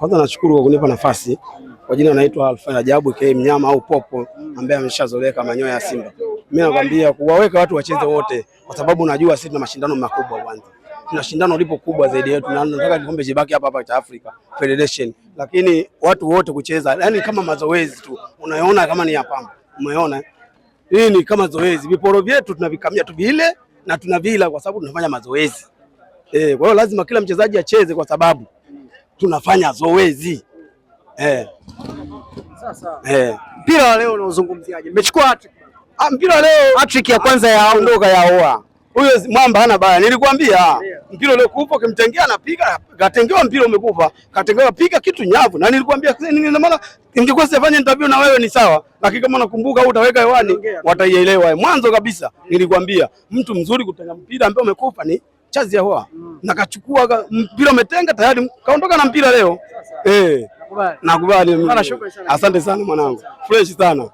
Kwanza nashukuru kwa kunipa nafasi. Kwa jina naitwa Alfa Ajabu K mnyama au Popo ambaye ameshazoleka manyoya ya Simba. Mimi nakwambia kuwaweka watu wacheze wote kwa sababu najua sisi tuna mashindano makubwa kwanza. Tuna shindano lipo kubwa zaidi yetu na nataka kikombe jibaki hapa hapa cha Afrika Federation. Lakini watu wote kucheza, yani kama mazoezi tu. Unaona kama ni hapa, Umeona? Hii ni kama zoezi. Viporo vyetu tunavikamia tu vile na tunavila kwa sababu tunafanya mazoezi. Eh, kwa hiyo lazima kila mchezaji acheze kwa sababu tunafanya zoezi eh. Sasa eh, mpira wa leo unaozungumziaje? Mmechukua hattrick. Ah, mpira wa leo hattrick ya kwanza ya ondoka ya oa huyo mwamba hana baya, nilikwambia mpira ule kupo kimtengea anapiga, katengewa mpira umekufa, katengewa piga kitu nyavu, na nilikwambia Na maana, ningekuwa sifanye interview na wewe ni sawa, lakini kama unakumbuka au utaweka hewani wataielewa. Mwanzo kabisa nilikwambia mtu mzuri kutenga mpira ambao umekufa ni chazi ya hoa. Mm nakachukua mpira umetenga tayari, kaondoka na mpira leo. Eh, nakubali. Asante sana mwanangu, fresh sana.